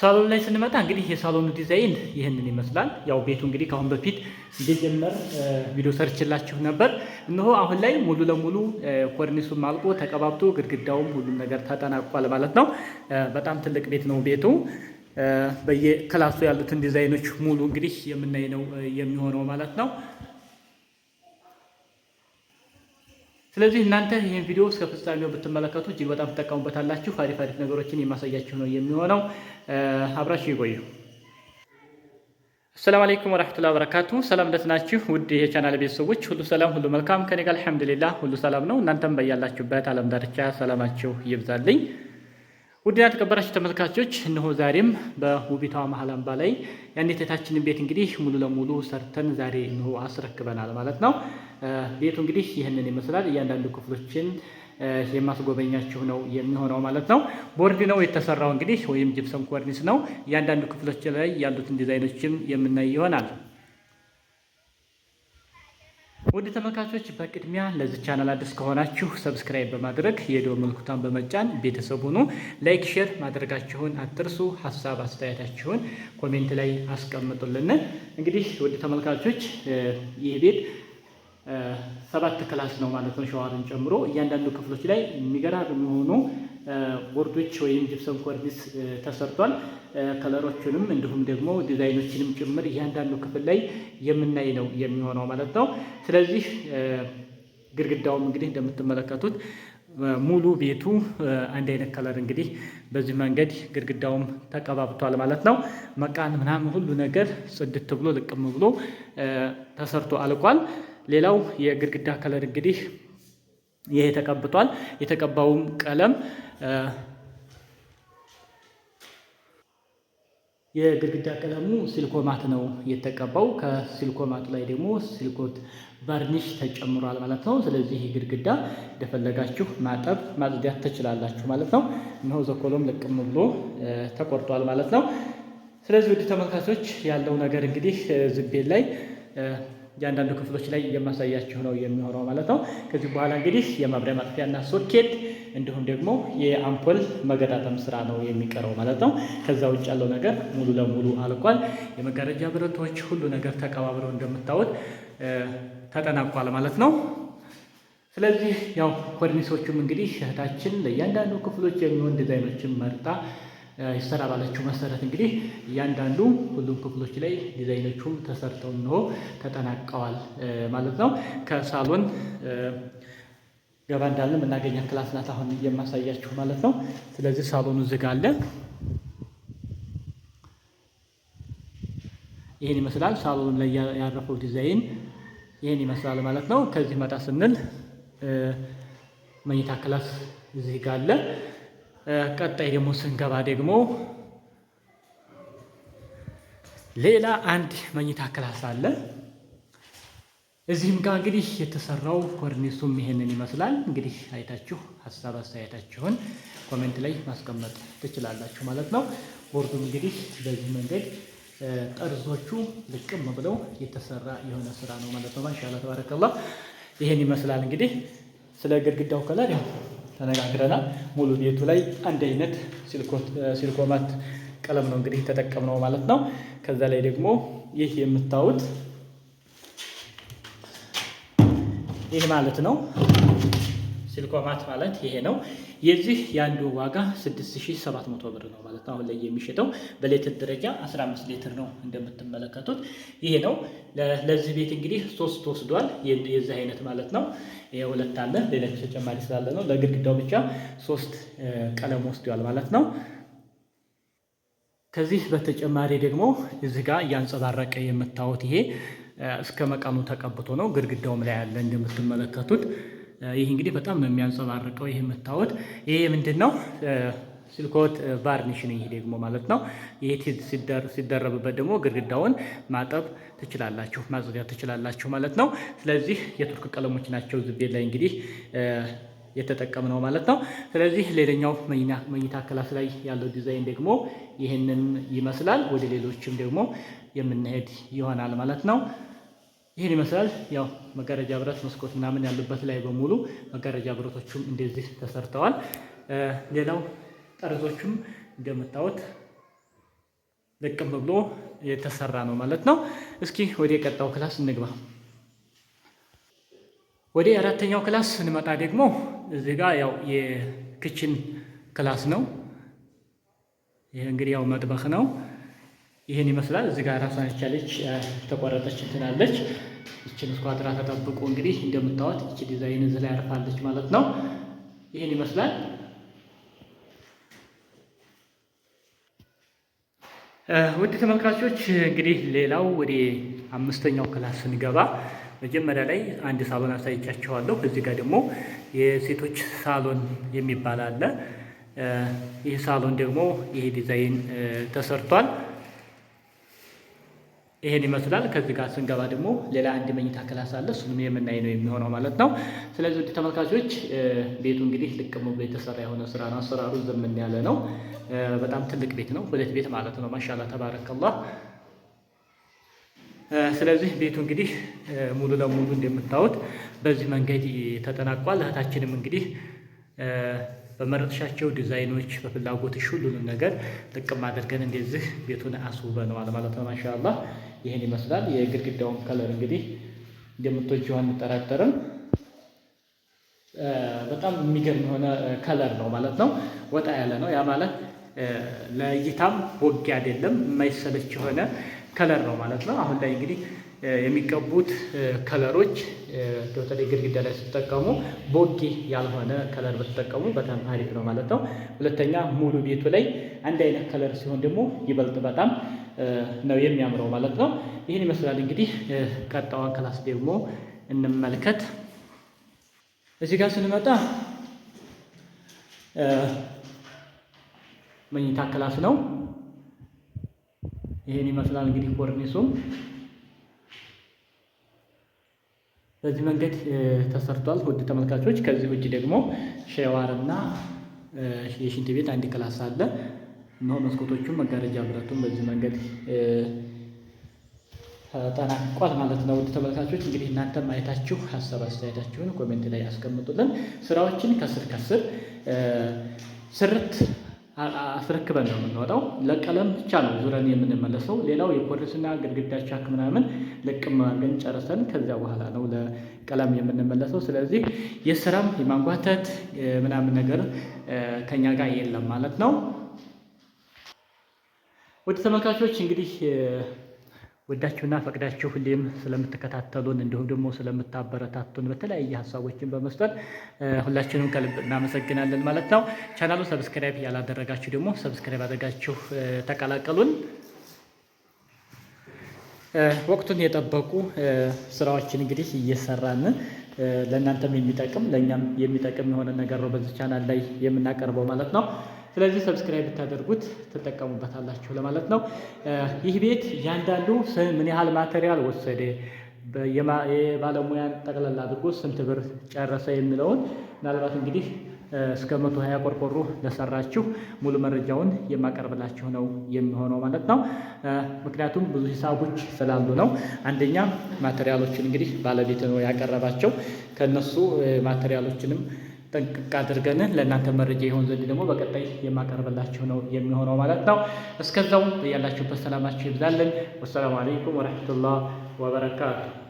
ሳሎን ላይ ስንመጣ እንግዲህ የሳሎኑ ዲዛይን ይህንን ይመስላል። ያው ቤቱ እንግዲህ ከአሁን በፊት እንደጀመር ቪዲዮ ሰርችላችሁ ነበር። እነሆ አሁን ላይ ሙሉ ለሙሉ ኮርኒሱም አልቆ ተቀባብቶ ግድግዳውም ሁሉም ነገር ተጠናቋል ማለት ነው። በጣም ትልቅ ቤት ነው ቤቱ። በየክላሱ ያሉትን ዲዛይኖች ሙሉ እንግዲህ የምናይ ነው የሚሆነው ማለት ነው። ስለዚህ እናንተ ይህን ቪዲዮ እስከ ፍጻሜው ብትመለከቱ እጅግ በጣም ትጠቀሙበታላችሁ። አሪፍ አሪፍ ነገሮችን የማሳያችሁ ነው የሚሆነው። አብራችሁ ይቆዩ። አሰላሙ አለይኩም ወራህመቱላሂ ወበረካቱ። ሰላም ደህና ናችሁ ውድ የቻናል ቤተሰቦች ሁሉ፣ ሰላም ሁሉ መልካም ከኔ ጋር አልሐምዱሊላህ ሁሉ ሰላም ነው። እናንተም በያላችሁበት አለም ዳርቻ ሰላማችሁ ይብዛልኝ። ውድና ተከበራችሁ ተመልካቾች እነሆ ዛሬም በውቢቷ መሀል አምባ ላይ ያኔ የታችንን ቤት እንግዲህ ሙሉ ለሙሉ ሰርተን ዛሬ እነሆ አስረክበናል ማለት ነው። ቤቱ እንግዲህ ይህንን ይመስላል። እያንዳንዱ ክፍሎችን የማስጎበኛችሁ ነው የሚሆነው ማለት ነው። ቦርድ ነው የተሰራው እንግዲህ ወይም ጅብሰም ኮርኒስ ነው። እያንዳንዱ ክፍሎች ላይ ያሉትን ዲዛይኖችም የምናይ ይሆናል። ውድ ተመልካቾች በቅድሚያ ለዚህ ቻናል አዲስ ከሆናችሁ ሰብስክራይብ በማድረግ የደወል ምልክቷን በመጫን ቤተሰብ ሁኑ። ላይክ፣ ሼር ማድረጋችሁን አትርሱ። ሀሳብ አስተያየታችሁን ኮሜንት ላይ አስቀምጡልን። እንግዲህ ውድ ተመልካቾች ይህ ቤት ሰባት ክላስ ነው ማለት ነው፣ ሸዋርን ጨምሮ እያንዳንዱ ክፍሎች ላይ የሚገራርም የሆኑ ቦርዶች ወይም ጅብሰም ኮርኒስ ተሰርቷል። ከለሮችንም እንዲሁም ደግሞ ዲዛይኖችንም ጭምር እያንዳንዱ ክፍል ላይ የምናይ ነው የሚሆነው ማለት ነው። ስለዚህ ግድግዳውም እንግዲህ እንደምትመለከቱት ሙሉ ቤቱ አንድ አይነት ከለር እንግዲህ በዚህ መንገድ ግድግዳውም ተቀባብቷል ማለት ነው። መቃን ምናምን ሁሉ ነገር ጽድት ብሎ ልቅም ብሎ ተሰርቶ አልቋል። ሌላው የግድግዳ ከለር እንግዲህ ይሄ ተቀብቷል። የተቀባውም ቀለም የግድግዳ ቀለሙ ሲልኮማት ነው የተቀባው። ከሲልኮማቱ ላይ ደግሞ ሲልኮት ቫርኒሽ ተጨምሯል ማለት ነው። ስለዚህ ግድግዳ እንደፈለጋችሁ ማጠብ ማጽዳት ትችላላችሁ ማለት ነው። እነሆ ዘኮሎም ልቅም ብሎ ተቆርጧል ማለት ነው። ስለዚህ ውድ ተመልካቾች ያለው ነገር እንግዲህ ዝቤት ላይ እያንዳንዱ ክፍሎች ላይ የማሳያችሁ ነው የሚሆነው ማለት ነው። ከዚህ በኋላ እንግዲህ የማብሪያ ማጥፊያና ሶኬት እንዲሁም ደግሞ የአምፖል መገጣጠም ስራ ነው የሚቀረው ማለት ነው። ከዛ ውጭ ያለው ነገር ሙሉ ለሙሉ አልቋል። የመጋረጃ ብረቶች፣ ሁሉ ነገር ተቀባብረው እንደምታዩት ተጠናቋል ማለት ነው። ስለዚህ ያው ኮርኒሶቹም እንግዲህ እህታችን ለእያንዳንዱ ክፍሎች የሚሆን ዲዛይኖችን መርጣ ይሰራ ባለችው መሰረት እንግዲህ እያንዳንዱ ሁሉም ክፍሎች ላይ ዲዛይኖቹም ተሰርተው እንሆ ተጠናቀዋል ማለት ነው ከሳሎን ገባ እንዳለ መናገኛ ክላስ ናት። አሁን የማሳያችሁ ማለት ነው። ስለዚህ ሳሎኑ ዝግ አለ። ይህን ይመስላል። ሳሎኑ ላይ ያረፈው ዲዛይን ይህን ይመስላል ማለት ነው። ከዚህ መጣ ስንል መኝታ ክላስ እዚህ ጋር አለ። ቀጣይ ደግሞ ስንገባ ደግሞ ሌላ አንድ መኝታ ክላስ አለ። እዚህም ጋር እንግዲህ የተሰራው ኮርኒሱም ይሄንን ይመስላል። እንግዲህ አይታችሁ ሀሳብ አስተያየታችሁን ኮሜንት ላይ ማስቀመጥ ትችላላችሁ ማለት ነው። ቦርዱም እንግዲህ በዚህ መንገድ ጠርዞቹ ልቅም ብለው የተሰራ የሆነ ስራ ነው ማለት ነው። ማሻአላ ተባረከላ። ይሄን ይመስላል እንግዲህ ስለ ግድግዳው ከለር ያው ተነጋግረናል። ሙሉ ቤቱ ላይ አንድ አይነት ሲልኮማት ቀለም ነው እንግዲህ ተጠቀምነው ማለት ነው። ከዛ ላይ ደግሞ ይህ የምታዩት ይህ ማለት ነው። ሲልኮማት ማለት ይሄ ነው። የዚህ የአንዱ ዋጋ 6700 ብር ነው ማለት ነው። አሁን ላይ የሚሸጠው በሌትር ደረጃ 15 ሌትር ነው እንደምትመለከቱት ይሄ ነው። ለዚህ ቤት እንግዲህ ሶስት ተወስዷል። የዚህ አይነት ማለት ነው። ሁለት አለ፣ ሌላ ተጨማሪ ስላለ ነው። ለግድግዳው ብቻ ሶስት ቀለም ወስዷል ማለት ነው። ከዚህ በተጨማሪ ደግሞ እዚህ ጋር እያንጸባረቀ የምታዩት ይሄ እስከ መቃኑ ተቀብቶ ነው። ግድግዳውም ላይ ያለ እንደምትመለከቱት ይህ እንግዲህ በጣም ነው የሚያንጸባርቀው። ይህ የምታዩት ይሄ ምንድን ነው? ሲልኮት ቫርኒሽ ነው። ይሄ ደግሞ ማለት ነው። ይሄ ሲደረብበት ደግሞ ግድግዳውን ማጠብ ትችላላችሁ፣ ማጽዳት ትችላላችሁ ማለት ነው። ስለዚህ የቱርክ ቀለሞች ናቸው። ዝቤ ላይ እንግዲህ የተጠቀምነው ማለት ነው። ስለዚህ ሌላኛው መኝታ ክላስ ላይ ያለው ዲዛይን ደግሞ ይህንን ይመስላል። ወደ ሌሎችም ደግሞ የምንሄድ ይሆናል ማለት ነው። ይህን ይመስላል። ያው መጋረጃ ብረት መስኮት ምናምን ያሉበት ላይ በሙሉ መጋረጃ ብረቶቹም እንደዚህ ተሰርተዋል። ሌላው ጠርዞቹም እንደምታዩት ልቅም ብሎ የተሰራ ነው ማለት ነው። እስኪ ወደ ቀጣው ክላስ እንግባ። ወደ አራተኛው ክላስ ስንመጣ ደግሞ እዚህ ጋር ያው የክችን ክላስ ነው። ይህ እንግዲህ ያው መጥበክ ነው። ይህን ይመስላል። እዚህ ጋር ራሷን የቻለች ተቆረጠች እንትናለች። ይችን ስኳድራ ተጠብቆ እንግዲህ እንደምታወት ይች ዲዛይን እዚህ ላይ ያርፋለች ማለት ነው። ይህን ይመስላል። ውድ ተመልካቾች እንግዲህ ሌላው ወደ አምስተኛው ክላስ ስንገባ መጀመሪያ ላይ አንድ ሳሎን አሳይቻቸዋለሁ። እዚህ ጋር ደግሞ የሴቶች ሳሎን የሚባል አለ። ይህ ሳሎን ደግሞ ይሄ ዲዛይን ተሰርቷል። ይሄን ይመስላል። ከዚህ ጋር ስንገባ ደግሞ ሌላ አንድ መኝታ ክላስ አለ። እሱንም የምናይ ነው የሚሆነው ማለት ነው። ስለዚህ ውድ ተመልካቾች ቤቱ እንግዲህ ልቅ ብሎ የተሰራ የሆነ ስራ ነው። አሰራሩ ዘመን ያለ ነው። በጣም ትልቅ ቤት ነው። ሁለት ቤት ማለት ነው። ማሻላ ተባረከላህ ስለዚህ ቤቱ እንግዲህ ሙሉ ለሙሉ እንደምታዩት በዚህ መንገድ ተጠናቋል። እህታችንም እንግዲህ በመረጥሻቸው ዲዛይኖች በፍላጎትሽ ሁሉንም ነገር ጥቅም አድርገን እንደዚህ ቤቱን አስውበነዋል ማለት ነው። ማሻላ ይህን ይመስላል። የግድግዳውን ከለር እንግዲህ እንደምትወጂው አንጠራጠርም። በጣም የሚገርም የሆነ ከለር ነው ማለት ነው። ወጣ ያለ ነው። ያ ማለት ለእይታም ወግ አይደለም፣ የማይሰለች የሆነ ከለር ነው ማለት ነው። አሁን ላይ እንግዲህ የሚቀቡት ከለሮች በተለይ ግድግዳ ላይ ስትጠቀሙ ቦጌ ያልሆነ ከለር ብትጠቀሙ በጣም አሪፍ ነው ማለት ነው። ሁለተኛ ሙሉ ቤቱ ላይ አንድ አይነት ከለር ሲሆን ደግሞ ይበልጥ በጣም ነው የሚያምረው ማለት ነው። ይህን ይመስላል እንግዲህ ቀጣዋን ክላስ ደግሞ እንመልከት። እዚህ ጋር ስንመጣ መኝታ ክላስ ነው። ይህን ይመስላል እንግዲህ ኮርኒሱ በዚህ መንገድ ተሰርቷል። ውድ ተመልካቾች፣ ከዚህ ውጭ ደግሞ ሸዋር እና የሽንት ቤት አንድ ክላስ አለ። እነሆ መስኮቶቹም መጋረጃ ብረቱም በዚህ መንገድ ተጠናቋል ማለት ነው። ውድ ተመልካቾች እንግዲህ እናንተ ማየታችሁ ሀሳብ አስተያየታችሁን ኮሜንት ላይ ያስቀምጡልን። ስራዎችን ከስር ከስር ስርት አስረክበን ነው የምንወጣው። ለቀለም ብቻ ነው ዙረን የምንመለሰው። ሌላው የፖርስና ግድግዳ ቻክ ምናምን ለቅም አድርገን ጨርሰን ከዚያ በኋላ ነው ለቀለም የምንመለሰው። ስለዚህ የስራም የማንጓተት ምናምን ነገር ከኛ ጋር የለም ማለት ነው። ወደ ተመልካቾች እንግዲህ ወዳችሁና ፈቅዳችሁ ሁሌም ስለምትከታተሉን እንዲሁም ደግሞ ስለምታበረታቱን በተለያየ ሀሳቦችን በመስጠት ሁላችንም ከልብ እናመሰግናለን ማለት ነው። ቻናሉ ሰብስክራይብ ያላደረጋችሁ ደግሞ ሰብስክራይብ አድርጋችሁ ተቀላቀሉን። ወቅቱን የጠበቁ ስራዎችን እንግዲህ እየሰራን ለእናንተም የሚጠቅም ለእኛም የሚጠቅም የሆነ ነገር ነው በዚህ ቻናል ላይ የምናቀርበው ማለት ነው። ስለዚህ ሰብስክራይብ ብታደርጉት ትጠቀሙበታላችሁ ለማለት ነው። ይህ ቤት እያንዳንዱ ምን ያህል ማቴሪያል ወሰደ፣ የባለሙያን ጠቅላላ አድርጎ ስንት ብር ጨረሰ የሚለውን ምናልባት እንግዲህ እስከ መቶ ሀያ ቆርቆሮ ለሰራችሁ ሙሉ መረጃውን የማቀርብላችሁ ነው የሚሆነው ማለት ነው። ምክንያቱም ብዙ ሂሳቦች ስላሉ ነው። አንደኛ ማቴሪያሎችን እንግዲህ ባለቤት ነው ያቀረባቸው። ከነሱ ማቴሪያሎችንም ጥንቅቅ አድርገን ለእናንተ መረጃ የሆን ዘንድ ደግሞ በቀጣይ የማቀርብላችሁ ነው የሚሆነው ማለት ነው። እስከዛው ያላችሁበት ሰላማችሁ ይብዛልን። ወሰላሙ አለይኩም ወረሕመቱላህ ወበረካቱ